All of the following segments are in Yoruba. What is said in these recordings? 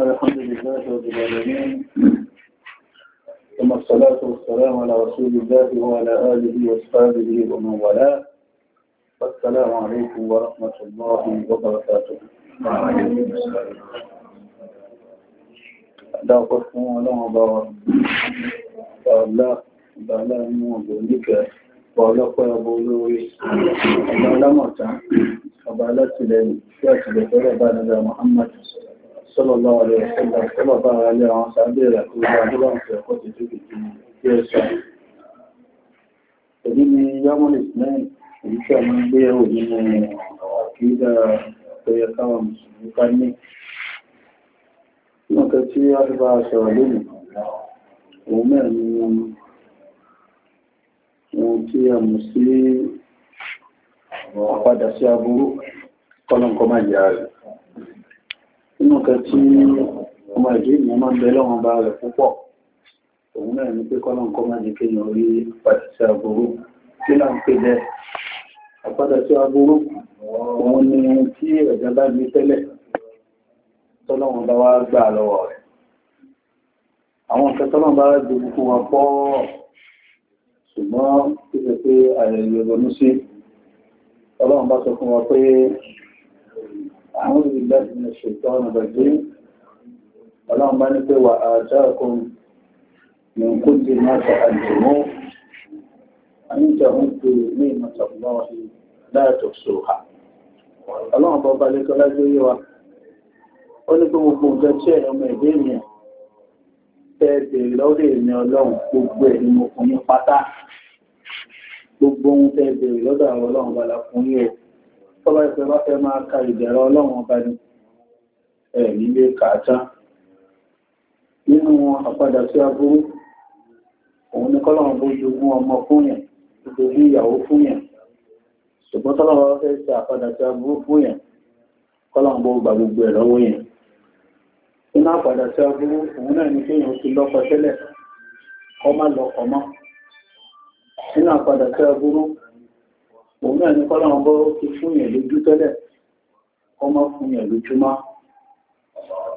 الحمد لله رب العالمين ثم الصلاة والسلام على رسول الله وعلى آله وأصحابه ومن والاه والسلام عليكم ورحمة الله وبركاته وعليكم السلام لا قسم ولا مضار فالله فالله من ذلك ọ̀pọ̀lọpọ̀ ẹbọ olóorí ọba alámọ̀ta ọba alátìlẹ́yìn tí محمد صلى الله عليه وسلم sallallahu sí àpadà sí máa yára rẹ̀ nínú kan tí ọmọ ìdí ìyẹn máa ń bẹ lọ́wọ́n bá rẹ̀ púpọ̀ òun náà ní pé kọ́lọ́n kọ́ máa di kéèyàn orí padà sí aburú kí là ń pè bẹ́ẹ̀ àpadà sí aburú òun ni tí ẹ̀dá bá ní tẹ́lẹ̀ tọ́lọ́wọ́n bá wá gbà lọ́wọ́ rẹ̀ àwọn nǹkan tọ́lọ́wọ́n bá dojú wa pọ̀ ṣùgbọ́n tó ṣe pé àyẹ̀yẹ̀ ronú sí ọlọ́run bá sọ fún wa pé أعوذ بالله من الشيطان الرجيم اللهم بارك وآتاكم من كل ما سألتموه أن تعدوا نعمة الله لا تحصوها اللهم بارك لك يوا ó ní pé gbogbo nǹkan tí ẹ̀yọ́ ọmọ ẹ̀dẹ́ ènìyàn tẹ́ bèèrè lọ́wọ́ èmi ọlọ́run gbogbo ẹ̀ ni mo fún yín pátá gbogbo ohun tẹ́ bèèrè lọ́dọ̀ àwọn ọlọ́run bala fún yín o tọ́lá ìfẹ́ bá fẹ́ máa ka ìbẹ̀rẹ̀ ọlọ́run ọba ni ẹ̀ nílé kàátá nínú àpadà sí aburú òun ni kọ́lọ́run bó ọmọ fún yẹn ìyàwó fún ṣùgbọ́n tọ́lá fẹ́ ṣe àpadà sí gbogbo ẹ̀ lọ́wọ́ yẹn nínú àpadà sí òun náà ni kéèyàn ti lọ́kọ tẹ́lẹ̀ kọ́ òun náà ní kọ́lọ́run bó ti fún yẹn lójú tẹ́lẹ̀ kọ́mọ́ fún yẹn lójúmọ́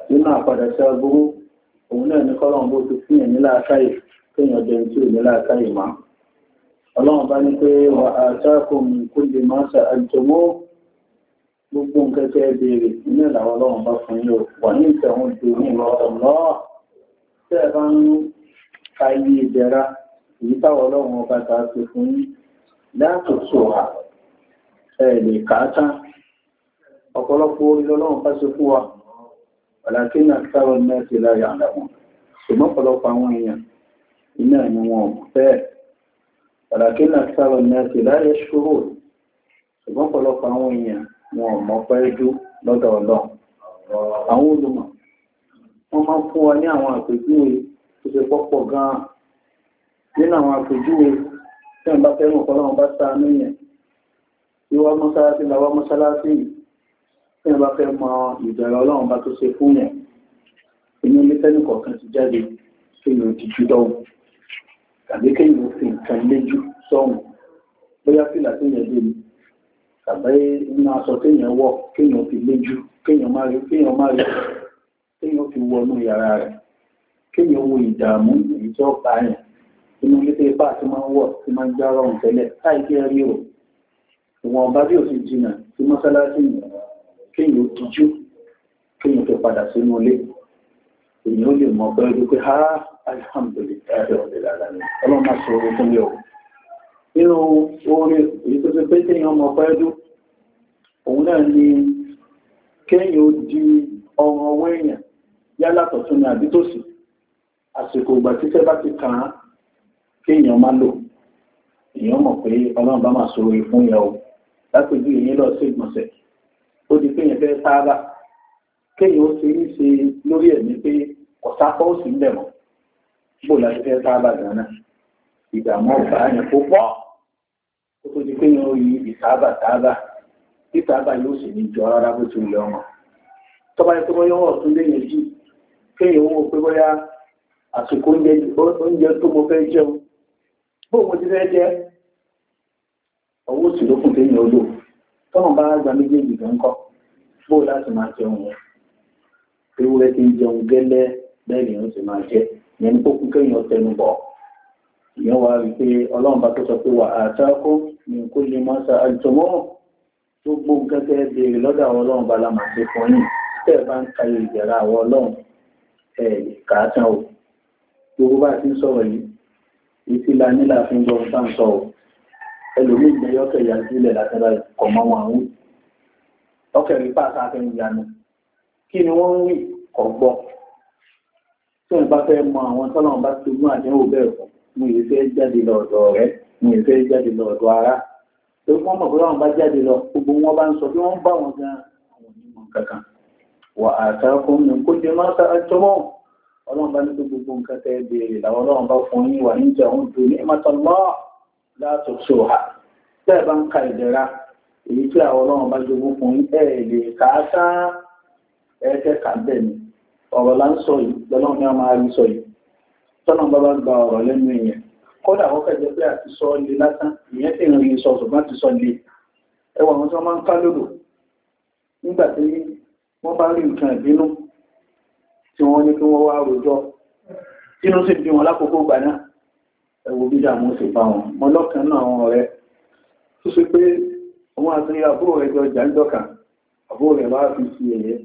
nínú àpadà sí agbóró òun náà ní kọ́lọ́run bó ti fún yẹn ní láàkáyè kéèyàn jẹun tí ò ní láàkáyè má ọlọ́run bá ní pé wà á sáàkó mi kó lè má sa àjọmọ́ gbogbo nǹkan tẹ́ béèrè nínú ìlàwọ́ ọlọ́run bá fún yóò wà ní ìtẹ̀wọ̀n ju ní ìlọ tẹ́ ẹ bá ń ka iye ìdẹ̀ra èyí ọlọ́run ọba ta ti fún yín láàtò sọ̀rọ̀ ẹ̀ lè kàátá ọ̀pọ̀lọpọ̀ orí lọ́lọ́run bá ṣe fún wa ọ̀làkí náà sáwọn mẹ́sì láyà àdàmọ̀ ṣùgbọ́n ọ̀pọ̀lọpọ̀ àwọn èèyàn iná ni wọn bẹ́ẹ̀ ọ̀làkí náà sáwọn mẹ́sì láyà ṣòro ṣùgbọ́n ọ̀pọ̀lọpọ̀ àwọn èèyàn wọn mọ̀ pẹ́ jú lọ́dọ̀ ọlọ́run àwọn olùmọ̀ wọ́n máa ń fún wa ní àwọn àpèjúwe tó ṣe pọ́pọ̀ gan-an nínú àwọn àpèjúwe tí wọ́n bá fẹ́ràn ọ̀pọ̀lọ́wọ́n bá sáà ní yẹn ìwọ́ mọ́sálásí làwọ́ mọ́sálásí tí wọ́n bá fẹ́ mọ ìbẹ̀rẹ̀ ọlọ́run bá tó ṣe fún yẹn inú ilé tẹ́nì kọ̀ọ̀kan ti jáde sínú ìtìjú dọ́hùn tàbí kéyìn òfin nǹkan léjú sọ́hùn bóyá fìlà tó yẹn lémi tàbí inú aṣọ kéèyàn wọ̀ kéèyàn fi léjú kéèyàn má rí kéèyàn má rí kéèyàn fi wọnú yàrá rẹ̀ kéèyàn wo ìdààmú èyí yẹn inú ilé pé bá a ti máa ń wọ̀ tí máa ń já rọrùn tẹ́lẹ̀ táì kí ẹ rí o ìwọ̀n ọba bí òsì jìnnà tí mọ́sálásí kéèyàn tijú kéèyàn tó padà sínú ilé èyí ó lè mọ ọgbẹ́ ojú pé ha alihamudulilayi ọlọ́run máa sọ orun fún mi o nínú oore èyí tó ti pé kéèyàn mọ ọgbẹ́ ojú òun náà ni kéèyàn di ọrùn ọwọ́ èèyàn yálà tọ̀tún ni àbí àsìkò ìgbà títẹ́ bá ti kàn án kí èèyàn má lò èèyàn mọ̀ pé ọlọ́run bá máa so orí fún yẹn o lápèjú èèyàn lọ sí ìgbọ̀nsẹ̀ ó di pé èèyàn fẹ́ sáábà kéèyàn ó ṣe ní ṣe lórí ẹ̀mí pé kọ̀sápọ̀ ó sì ń bẹ̀ mọ́ bó la ṣe fẹ́ sáábà gan náà ìdààmú ọ̀gá yẹn kó pọ̀ ó tó di pé èèyàn ó yí ìsáábà sáábà ìsáábà yóò sì ní jọ rárá bó ti ń lọ wọn tọ́ba yẹn tó bọ́ yọ́wọ́ ọ̀tún lé yẹn jù kéèyàn ó wò pé bóyá àsìkò oúnjẹ tó mo fẹ́ jẹun bóòwò ti fẹ́ jẹ́ ọwọ́ sì ló kùn téèyàn lò tọ́wọ́n bá gba méjèèjì gan kọ́ bóò láti máa jẹun wọn ewúrẹ́ ti ń jẹun gẹ́lẹ́ bẹ́ẹ̀ lèèyàn sì máa jẹ ìyẹn ní kó kú kéèyàn tẹnu bọ̀ ìyẹn wá rí pé ọlọ́run bá tó sọ pé wà á sáko ní kó lè máa sa àjọmọ́ gbogbo gẹ́gẹ́ béèrè lọ́dọ̀ àwọn ọlọ́run bá lámà sí fún yìí tẹ́ bá ń ka ìjẹ̀rà àwọn ọlọ́run ẹ̀ kà á tán o gbogbo bá a ti ń sọ̀rọ̀ yìí etí la nílà fi ń gbọ́ bá ń sọ ọ́ ẹlòmíì gbẹ́yọ́kẹ̀ yà sílẹ̀ látara ìkọ̀ mọ́ wọn àwọn ọkẹ̀ rí pàṣẹ afẹ́ ìyanu kí ni wọ́n ń wí kọ̀ gbọ́ tí wọ́n bá fẹ́ mọ àwọn tọ́lọ́run bá ti gún àdéhùn bẹ́ẹ̀ fún mo yìí fẹ́ jáde lọ ọ̀dọ̀ rẹ mo yìí fẹ́ jáde lọ ọ̀dọ̀ ara tó wọ́n mọ̀ pé wọ́n bá jáde lọ gbogbo wọn bá ń sọ bí wọ́n bá wọn gan àwọn onímọ̀ kankan wà á ta kó mi kó jẹ máa ta ẹjọ́ ọlọ́run bá ní tó gbogbo nǹkan tẹ́ béèrè làwọn ọlọ́run bá fún yín wà níjà ń dùn ní mọ́tọ́lọ́ látò so ha tẹ́ ẹ bá ń ka ìdẹ̀ra èyí tí àwọn ọlọ́run bá jogún fún yín ẹ̀ lè kà á sá ẹ tẹ́ kà bẹ́ẹ̀ ni ọ̀rọ̀ là ń sọ yìí lọ́lọ́run ní a máa rí sọ yìí tọ́nà bá bá gba ọ̀rọ̀ lẹ́nu èèyàn kódà wọ́n fẹ́ pé àti sọ le lásán ìyẹn sì ń sọ ṣùgbọ́n ti sọ le ẹwà wọn tí wọ́n máa ń ká lòdò nígbà tí wọ́n bá rí nǹkan ìbínú tí wọ́n ní kí wọ́n wá rojọ́ tínú sì bí wọn lákòókò gbà náà ẹwọ bí dààmú sì bá wọn mọ lọ́kàn náà àwọn ọ̀rẹ́ tó ṣe pé òun àti àbúrò rẹ̀ jọ jà ń dọ̀kà àbúrò rẹ̀ wá fi sí ẹ̀yẹ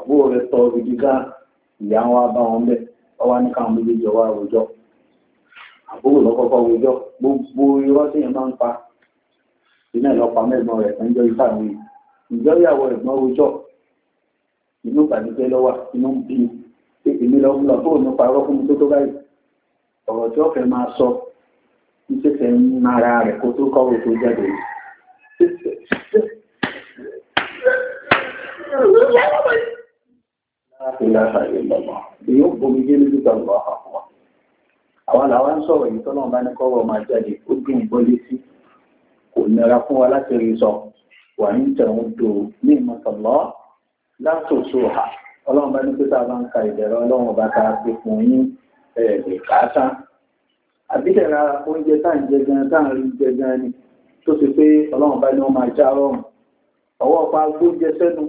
àbúrò rẹ̀ tọ́ gidi ká ìyá wa bá wọn bẹ̀ ọwá ní káwọn méjèèjì wá rojọ́ àbúrò lọ́kọ́kọ́ rojọ́ gbogbo irọ́ tí yẹn máa ń pa iná ìlọ́pàá mẹ́gbọ́n rẹ̀ kan jọ ìfàwé ìjọ́yàwó ẹ̀gbọ́n rojọ́ inú ìbànújẹ́ lọ́wà inú ń bí èmi lọ lọ fóònù nípa ọ̀rọ̀ fún mi tó tó báyìí ọ̀rọ̀ tí ọ̀fẹ́ máa sọ ní ṣẹ̀ṣẹ̀ ń mara rẹ̀ kó tó kọ́ òkú jáde èyí ó bomi dé lójú kan lọ àwọn àwọn làwa ń sọ̀rọ̀ yìí tọ́lọ́ bá ní kọ́wọ́ máa jáde ó dùn bọ́ létí kò nira fún wa láti rí sọ wà ń tẹ̀wọ́n tó ní ìmọ̀tàn lọ́ọ́ látòsó ha ọlọ́run bá ní pé tá a bá ń ka ìbẹ̀rẹ̀ ọlọ́run bá ta pé fún yín ẹ̀ẹ̀dẹ̀ káàtá àbílẹ̀ ra oúnjẹ tá à ń jẹ gan tá à ń rí jẹ gan ni tó ti pé ọlọ́run bá ní wọ́n máa já rọrùn ọwọ́ pa gbóúnjẹ sẹ́nu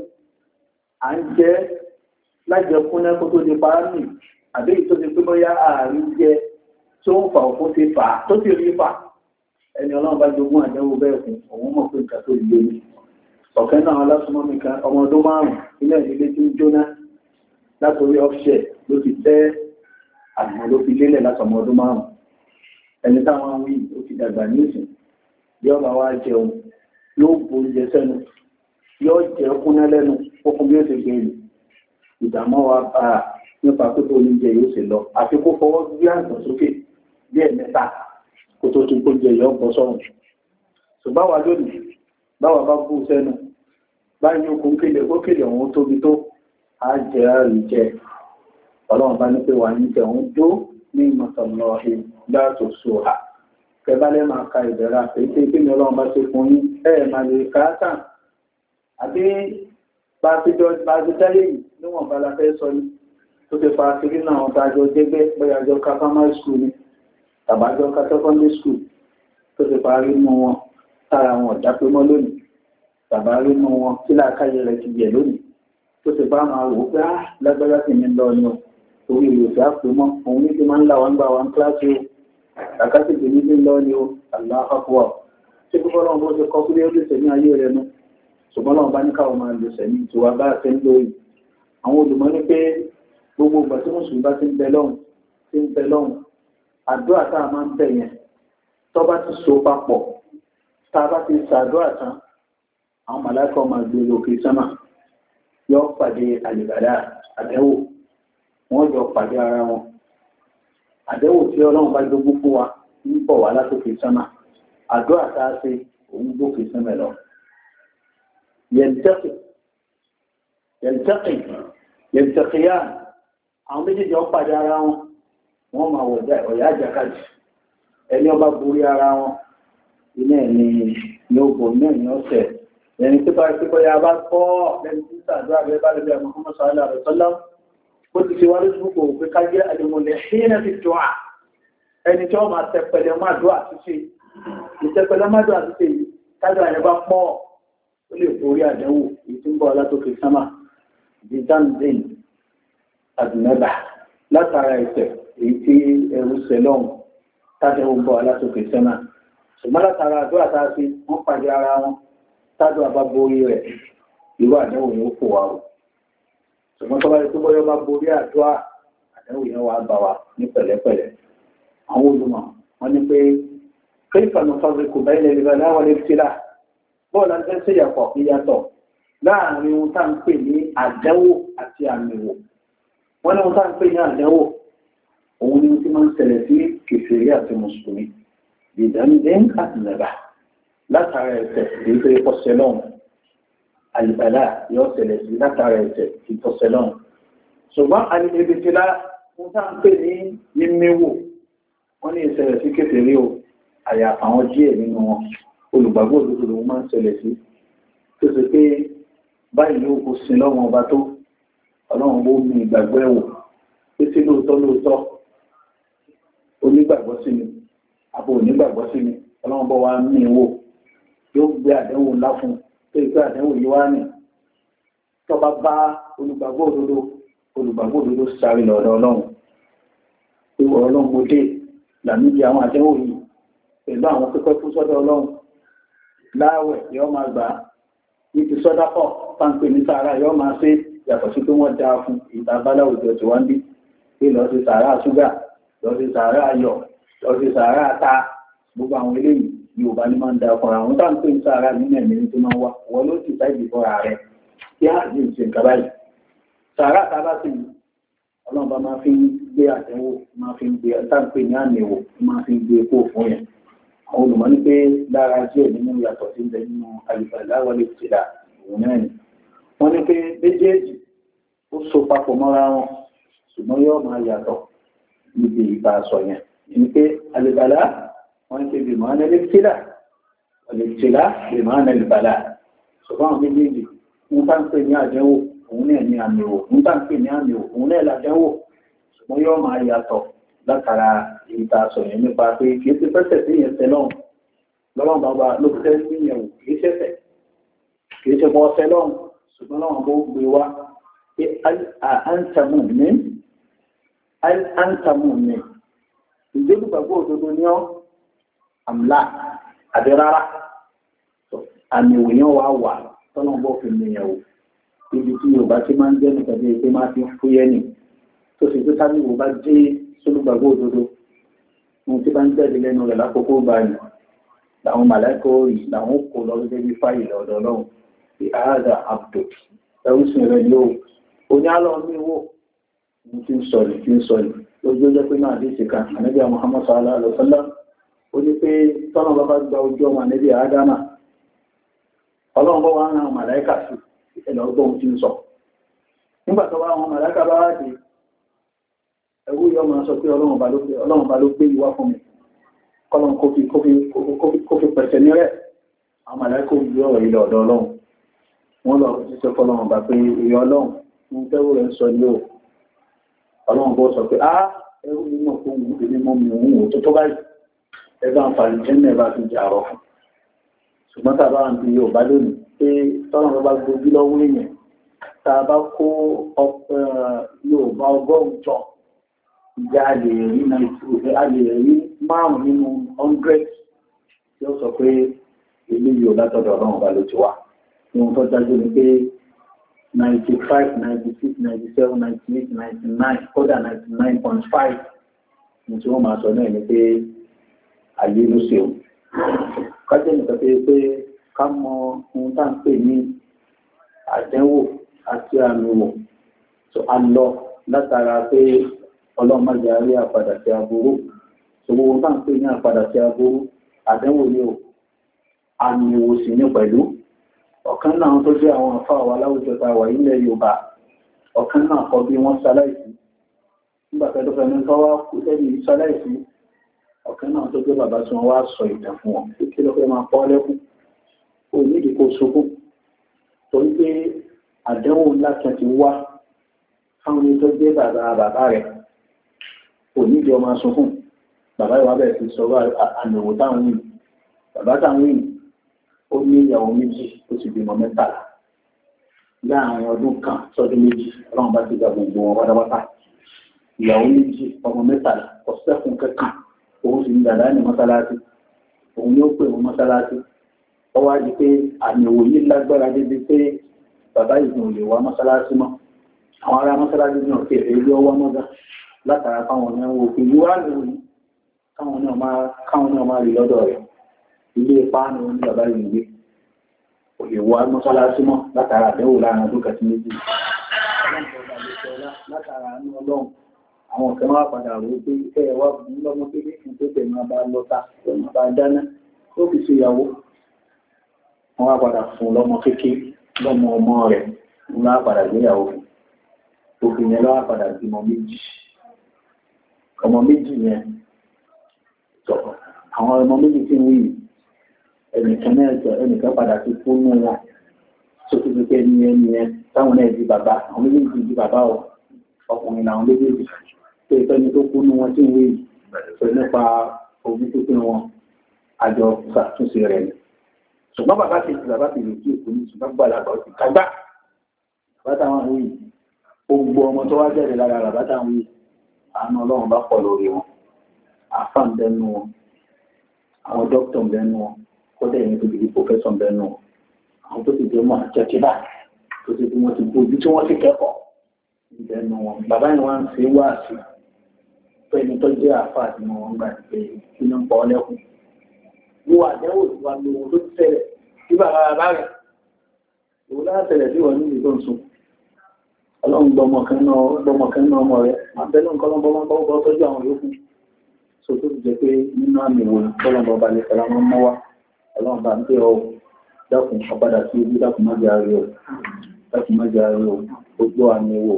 à ń jẹ lájẹkúnlẹ́ kó tó di parámì àbí tó ti pé bóyá ààrin jẹ tó ń fà òkú ti fà tó ti rí fà ẹni ọlọ́run bá jogún àdẹ́wò bẹ́ẹ̀ fún òun mọ̀ pé nǹkan tó lé ní ọ̀kẹ́ náà alásùmọ́ nìkan ọmọ ọdún márùn-ún ilẹ̀ ilé tí ń jóná látorí ọ́fṣẹ́ ló fi tẹ́ àmọ́ ló fi lélẹ̀ látọmọ ọdún márùn-ún ẹni táwọn wí ó ti dàgbà ní ìsìn yóò bá wá jẹun yóò bo oúnjẹ jẹ kúnná wa bá a nípa pípé oúnjẹ yóò ṣe lọ àfi kó fọwọ́ gbé àgbọ̀n sókè báwa bá bú sẹ́nu báyìí okùn kéde ó kéde òun tóbi tó a jẹ àrùn jẹ ọlọ́run bá ní pé wà ní tẹ̀hún dó ní ìmọ̀tọ̀lọ́ ìdáàtò sóhà kẹbálẹ́ máa ka ìbẹ̀rẹ̀ àpèké kí ni ọlọ́run bá ṣe fún yín ẹ̀ máa lè káàtà àbí bá ti dáyé yìí níwọ̀n bá la fẹ́ sọ ni tó ti fa kiri náà wọn tàjọ jẹgbẹ́ bóyá jọ ká primary school ni tàbájọ ká secondary school tó ti parí mú wọn tára wọn ọ̀dá pé mọ́ lónìí bàbá rí mọ́ wọn kí láàkáyé rẹ̀ ti yẹ lónìí tó ti bá máa wò ó pé áà ah, lágbájá sì ní lọ ni o torí ìròsì àpè mọ́ òun ní ti máa ń là wá ń gbà wá ń kíláàsì o àkásì tó ní ní lọ ni o aláhàkùwà ṣé kí bọ́lá ọmọ ṣe kọ́ kúlé ó lè sẹ́ni ayé rẹ̀ nu ṣùgbọ́n lọ́wọ́ bá ní káwọn máa lò sẹ́ni ìtura bá ṣe ń lóyè àwọn olùmọ̀ ní pé gbogbo ìgbà tí mùsùlùmí bá ti ń bẹ lọ́hùn ti ń bẹ lọ́hùn àdúrà tá a máa ń bẹ̀ yẹn tó bá ti so papọ̀ tá a bá ti ṣàdúrà tán àwọn màláìkà máa gbé lókè sánmà yọ pàdé àlìbàdà àdẹ́wò wọ́n jọ pàdé ara wọn àdẹ́wò tí ọlọ́run bá jogún fún wa ń bọ̀ wá látòkè sánmà àdúrà tá a ṣe òun gbókè sánmà lọ. yẹ̀ntẹ́kì yẹ̀ntẹ́kì yẹ̀ntẹ́kìyà àwọn méjèèjì ọ̀ pàdé ara wọn wọ́n máa wọ̀ ọ̀yá àjàkadì ẹni ọba borí ara wọn iná ẹ̀ ni yóò bọ̀ iná ẹ̀ ni ọ̀sẹ̀ ẹni tó bá ṣe bóyá bá kọ́ ẹni tí sàdúrà rẹ bá lọ́bẹ̀ ọmọ ọmọ sọ́lá rẹ sọ́lá ó ti ṣe wá lójú kò pé ká jẹ́ àjùmọ̀lẹ̀ ṣíyẹ́nà ti dùn à ẹni tí wọ́n máa tẹpẹlẹ má dùn àtúnṣe ìtẹpẹlẹ má dùn àtúnṣe yìí tájú àyẹ̀ bá látara ẹ̀sẹ̀ èyí tí ẹrú sẹlọ́ọ̀n tájú ń bọ̀ látòkè ṣùgbọ́n látara àdó àtàṣe wọ́n pàdé ara wọn tájú àbá borí rẹ̀ irú àdéhùn yóò fò wá o ṣùgbọ́n tó bá yẹ tó bọ́yọ́ bá borí àdó àdéhùn yẹn wà bá wa ní pẹ̀lẹ́pẹ̀lẹ́ àwọn olùmọ̀ wọ́n ní pé kéèfà ló fọ́ bí kò bá ilẹ̀ ìrìnà láwọn lè bọ́ọ̀lù àti ẹsẹ̀ yàtọ̀ láàrin ohun tá ń pè ní àdánwò àti ni ohun tí máa ń ṣẹlẹ̀ sí kèfèrí àti bìdánidẹ́ ń kàtìlẹ̀bà látara ẹ̀sẹ̀ èyí tó yẹ kọ́sẹ̀ lọ́hùn àlìbàlà yóò ṣẹlẹ̀ sí látara ẹ̀sẹ̀ tí kọ́sẹ̀ lọ́hùn ṣùgbọ́n àlìbẹ̀bẹ̀tìlá wọn tá à ń pè ní mímíwò wọn ní ìṣẹ̀lẹ̀ sí kékeré o àyàfà àwọn díẹ̀ nínú wọn olùgbàgbọ́ òdodo lòun máa ń ṣẹlẹ̀ sí tó ṣe pé báyìí ló kó sin lọ́wọ́n ọba tó ọlọ́run bó mi ìgbàgbọ́ ẹ̀wò pé sí lóòótọ́ lóòótọ́ onígbàgbọ́ sí mi àbò onígbàgbọ́ sí mi ọlọ́run bọ́ wa mí wò yóò gbé àdéhùn ńlá fún un tó ìgbé àdéhùn yìí wá nì tọ́ba bá olùgbàgbọ́ òdodo olùgbàgbọ́ òdodo sáré lọ́dọ̀ ọlọ́run ìwọ ọlọ́run mo dé làmìdí àwọn àdéhùn yìí pẹ̀lú àwọn pípẹ́ fún sọ́dọ̀ ọlọ́run láàwẹ̀ yóò máa gbà á ní ti sọ́dá pọ̀ páńpẹ́ ní sàárà yóò máa ṣe yàtọ̀ sí pé wọ́n dáa fún ìta báláwùjọ tí wọ́n ń bí pé lọ́ọ́ sí sàárà ṣúgà lọ́ọ́ sí sàárà ayọ̀ ọ̀sẹ̀ sàárà ta gbogbo àwọn eléyìí yorùbá ni máa ń da ọkọ̀ àwọn táwọn pé sàárà nínú ẹ̀mí tó máa ń wá wọ́n ló sì sáì dì fọ́ra rẹ̀ kí á lè ṣe nǹkan báyìí sàárà ta bá sì ọlọ́run bá máa fi ń gbé àtẹ́wò máa fi ń gbé táwọn ní àmì máa fi ń gbé kó fún yẹn àwọn olùmọ̀ ní pé lára díẹ̀ nínú yàtọ̀ sí ilẹ̀ nínú àlùfàlà wọlé òun náà ni wọ́n ní pé méjèèjì ó so papọ̀ mọ́ra wọn ṣùgbọ́n yóò máa yàtọ̀ níbi ìbá yẹn ìpé alìbàlá wọ́n ti bì máa nẹ́lẹ̀ tílà ọ̀lẹ̀tílà bì máa nẹ́lẹ̀ bàlá ṣùgbọ́n àwọn méjèèjì ń bá ń pè ní àdánwò òun náà ní àmì òwò ń bá ń pè ní àmì òwò òun náà làdánwò ṣùgbọ́n yóò máa yàtọ̀ látara ìta sọ̀yìn nípa pé kì í ti fẹ́sẹ̀ sí yẹn tẹ lọ́hùn lọ́wọ́n bàbá ló fẹ́ sí yẹn wò kì ṣẹ̀fẹ̀ kì ṣe bọ́ ọ̀fẹ́ ṣùgbọ́n lọ́wọ́n bó gbé wá pé àǹtàmù ní àǹtàmù ní ìjólúgbàgbọ́ òdodo ní ọ́ àmìlà àbí rárá àmì ìwòyàn wà wà tọ́nà bọ́ fi nìyẹn o ibi tí yorùbá ti máa ń jẹ́ nìkan bí pé máa fi fúyẹ́ nì tó sì tó sábì wò bá jẹ́ sólúgbàgbọ́ òdodo ohun tí bá ń jáde lẹ́nu rẹ̀ lákòókò báyìí làwọn màláìkò yìí làwọn kò lọ gẹ́gẹ́ bí fáyì lọ́dọ̀ ọlọ́run ti àádà abdò ẹrú sìn rẹ̀ yóò oní wò ní ti ń sọ ní ti ń sọ ní lójú ó jẹ́ pé náà àdéṣe kan a Muhammad ala alaihi wasallam ó ní pé tọ́nà bàbá gba ojú ọmọ ànábì Ádámà ọlọ́run bọ́ wá ń ran màláìkà sí ẹ̀lọ́ ọgbọ́n ti ń sọ nígbà tó bá wọn màláìkà bá wá dé ẹ̀wú yọ máa sọ pé ọlọ́run bá ló gbé ìwá fún mi kọ́lọ́n kó fi pẹ̀sẹ̀ ní rẹ̀ àwọn ò ọ̀rọ̀ ilẹ̀ ọlọ́run lọ sí sọ ọlọ́run bọ́ sọ pé a ah, ẹrú nínú òun ìdílé mọ́ mi òun òótọ́ tó báyìí ẹgbẹ́ àǹfààní jẹ́ náà bá fi jà rọ̀ fún ṣùgbọ́n tàbá ń fi yóò bá lónìí pé tọ́lọ́run bá gbojú lọ́wọ́ èèyàn tá a bá kó yóò bá ọgọ́rùn-ún jọ ìjà a lè rí nàìjíríà a lè rí márùn-ún nínú hundred tí ó sọ pé eléyìí ò látọ̀dọ̀ ọlọ́run bá ló ti wá ninety five ninety six ninety seven ninety eight ninety nine kódà ninety nine point five ní tí wọ́n máa sọ náà ni pé ayé ló ṣe o kájẹ́ nìkan pé pé ká mọ ohun tá à ń pè ní àdánwò àti àmì tó a lọ látara pé ọlọ́run má àpadà sí aburú ṣùgbọ́n ohun tá ń pè ní àpadà sí aburú àdánwò ni o àmì sì ní pẹ̀lú ọ̀kan náà tó jẹ́ àwọn àfáà wa láwùjọ ta wà ilẹ̀ Yorùbá ọ̀kan náà kọ bí wọ́n ṣaláìsí nígbà pẹ̀lú pẹ̀lú tó wá kú lẹ́yìn ṣaláìsí ọ̀kan náà tó jẹ́ bàbá tí wọ́n wá sọ ìtàn fún wọn pé kí ló fẹ́ máa pọ́ lẹ́kùn kò nídìí kó sunkún torí pé àdéhùn ńlá bàbá ìwà bẹ̀rẹ̀ sí sọ àmì òwò táwọn yìí bàbá táwọn yìí ó ní ìyàwó méjì ó sì bímọ mẹ́tàlá láàrin ọdún kan sọdún méjì ọlọ́run bá ti gba gbogbo wọn pátápátá ìyàwó méjì ọmọ mẹ́tàlá ọ̀sẹ̀kùn kẹkàn òun sì ń dàdá ní mọ́sálásí òun yóò pè wọn mọ́sálásí ọwọ́ á di pé àmì òwò yìí lágbára débi pé bàbá ìgbìmọ̀ lè wá mọ́sálásí mọ́ àwọn ará mọ́sálásí ní ọ̀kẹ́ èlé ọwọ́ mọ́gá látara káwọn ní àwọn òkè yìí wá lòun káwọn náà máa rí lọ́dọ̀ rẹ̀ ilé páànù ní bàbá yìí gbé kò lè wọ mọ́sálásí mọ́ látara àdéhùn láàrin ọdún kàtí méjì látara ní ọlọ́run àwọn kan wá padà rò ó pé ẹ wá fún lọ́mọ pé nífi tó tẹ̀ máa bá lọ́ta tó máa bá dáná tó fi ṣe ìyàwó wọn wá padà fún lọ́mọ kékeré lọ́mọ ọmọ rẹ̀ ń wá padà gbéyàwó òfin yẹn lọ́wọ́ padà bímọ méjì ọmọ méjì yẹn àwọn ọmọ méjì tí ń wí yìí ẹnìkan náà jọ ẹnìkan padà ti kú nù wọn tó ti dúpẹ́ ní ẹni yẹn táwọn náà di bàbá àwọn méjèèjì di bàbá o ọkùnrin làwọn méjèèjì tó ìtọ́ni tó kú nù wọn tí ń wé yìí nípa omi tó pín wọn àjọ ṣàtúnṣe rẹ̀ ni ṣùgbọ́n bàbá ti ti bàbá ti lè kí èkó ní ṣùgbọ́n gbàlagbà ó ti kágbá bàbá táwọn àwọn yìí ó gbọ́ ọmọ tó wá jẹ́rìí lára bàbá táwọn yìí àánú ọlọ́run bá pọ̀ kọ́dẹ̀ yẹn tó di pòfẹ́sọ̀ bẹ́nu àwọn tó ti di ọmọ àjẹjẹba tó ti di wọn ti gbójú tí wọ́n ti kẹ́kọ̀ọ́ ìbẹ̀nu wọn bàbá yẹn wọn ṣe wá sí pé ẹni tó jẹ́ àfa àti mọ wọn gbà pé iná ń pa ọ lẹ́kùn wo àdéhùn ìwà lòun ló ti tẹ̀lẹ̀ sí bàbá bàbá rẹ̀ òun láti tẹ̀lẹ̀ sí wọn níbi tó ń sùn ọlọ́run gbọmọ kan náà gbọmọ kan náà ọmọ rẹ̀ máa bẹ́ẹ̀ lóun kọ́lọ́n bọ́mọ́ bọ́ tọ́jú àwọn yòókù so tó ti jẹ́ pé nínú ọlọ́run bá ń bẹ̀ ọ́ dákun ọ̀padà sí ojú dákun má jẹ́ àárẹ̀ o dákun má jẹ́ àárẹ̀ o gbogbo àmì wò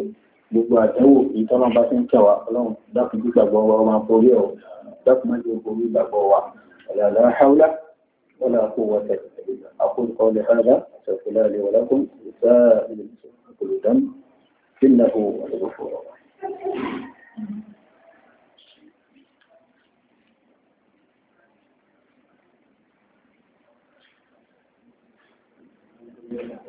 gbogbo àdánwò èyí tọ́lọ́run bá ti ń kẹwà ọlọ́run dákun gbígbàgbọ́ wa máa borí ọ dákun má jẹ́ borí ìgbàgbọ́ wa ọ̀làlá haúlá ولا قوة إلا أقول قولي هذا أستغفر الله لي ولكم وسائر كل ذنب إنه الغفور الرحيم Gracias.